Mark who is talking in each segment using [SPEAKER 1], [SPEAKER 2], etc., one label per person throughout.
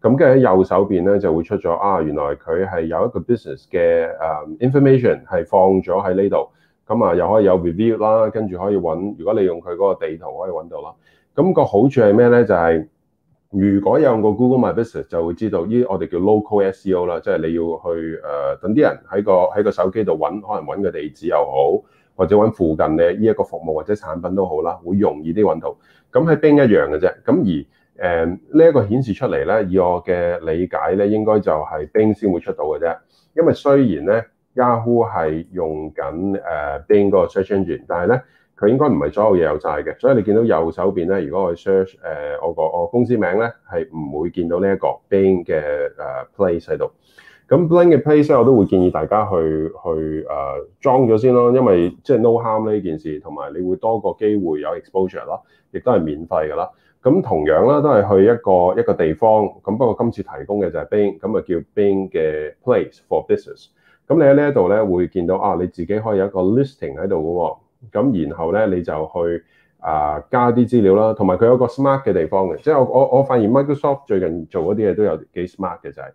[SPEAKER 1] 咁跟住喺右手邊咧就會出咗啊，原來佢係有一個 business 嘅誒 information 係放咗喺呢度，咁啊又可以有 review 啦，跟住可以揾。如果你用佢嗰個地圖可以揾到啦。咁個好處係咩咧？就係如果有個 Google My Business 就會知道呢，我哋叫 local SEO 啦，即係你要去誒、呃、等啲人喺個喺個手機度揾，可能揾個地址又好，或者揾附近嘅呢一個服務或者產品都好啦，會容易啲揾到。咁喺邊一樣嘅啫。咁而誒呢一個顯示出嚟咧，以我嘅理解咧，應該就係 Bing 先會出到嘅啫。因為雖然咧 Yahoo 係用緊誒 Bing 嗰個 search engine，但係咧佢應該唔係所有嘢有曬嘅。所以你見到右手邊咧，如果我 search 誒、呃、我個我公司名咧，係唔會見到呢一個 Bing 嘅誒 place 喺度。咁 Blind 嘅 Place 咧，我都會建議大家去去誒、呃、裝咗先咯，因為即係 no harm 呢件事，同埋你會多個機會有 exposure 咯，亦都係免費㗎啦。咁同樣啦，都係去一個一個地方。咁不過今次提供嘅就係 Bing 咁啊叫 Bing 嘅 Place for Business。咁你喺呢一度咧，會見到啊，你自己可以有一個 listing 喺度嘅。咁然後咧，你就去啊、呃、加啲資料啦，同埋佢有一個 smart 嘅地方嘅。即係我我我發現 Microsoft 最近做嗰啲嘢都有幾 smart 嘅就係、是。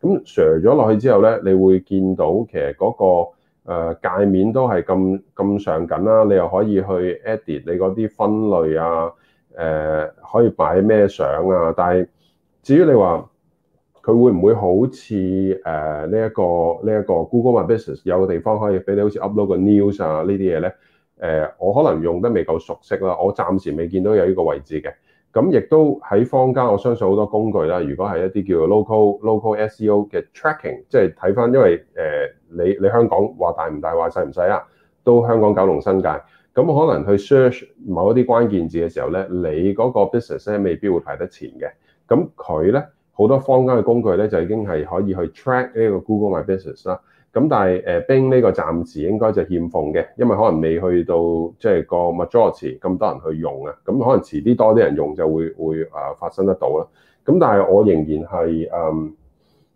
[SPEAKER 1] 咁 share 咗落去之後咧，你會見到其實嗰、那個誒、呃、界面都係咁咁上緊啦、啊，你又可以去 edit 你嗰啲分類啊，誒、呃、可以擺咩相啊。但係至於你話佢會唔會好似誒呢一個呢一、這個 Google My Business 有個地方可以俾你好似 upload 個 news 啊呢啲嘢咧？誒、呃，我可能用得未夠熟悉啦，我暫時未見到有呢個位置嘅。咁亦都喺坊間，我相信好多工具啦。如果係一啲叫 local local SEO 嘅 tracking，即係睇翻，因為誒、呃、你你香港話大唔大話細唔細啊，都香港九龍新界。咁可能去 search 某一啲關鍵字嘅時候咧，你嗰個 business 咧未必會排得前嘅。咁佢咧好多坊間嘅工具咧就已經係可以去 track 呢個 Google My Business 啦。咁但係誒，Bing 呢個暫時應該就欠奉嘅，因為可能未去到即係個 majority 咁多人去用啊。咁可能遲啲多啲人用就會會啊發生得到啦。咁但係我仍然係誒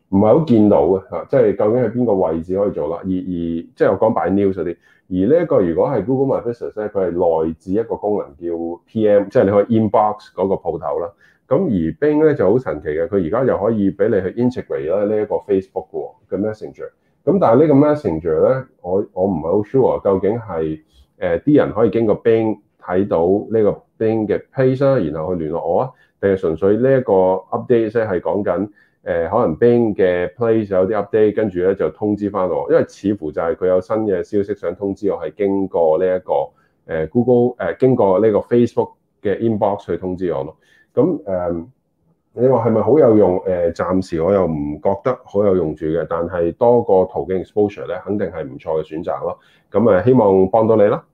[SPEAKER 1] 唔係好見到嘅嚇，即係究竟喺邊個位置可以做啦？而而即係我講 b news 嗰啲，而呢一個如果係 Google My Business 咧，佢係內置一個功能叫 PM，即係你可以 inbox 嗰個鋪頭啦。咁而 Bing 咧就好神奇嘅，佢而家又可以俾你去 integrate 啦呢一個 Facebook 嘅 Messenger。咁但係呢個 Messenger 咧，我我唔係好 sure 究竟係誒啲人可以經過 Bank 睇到呢個 Bank 嘅 Place 啊，然後去聯絡我啊，定係純粹呢一個 update 即係講緊、呃、誒可能 Bank 嘅 Place 有啲 update，跟住咧就通知翻我，因為似乎就係佢有新嘅消息想通知我係經過呢一個誒 Google 誒、呃、經過呢個 Facebook 嘅 inbox 去通知我咯。咁誒。呃你話係咪好有用？誒，暫時我又唔覺得好有用住嘅，但係多個途徑 exposure 呢，肯定係唔錯嘅選擇咯。咁啊，希望幫到你啦。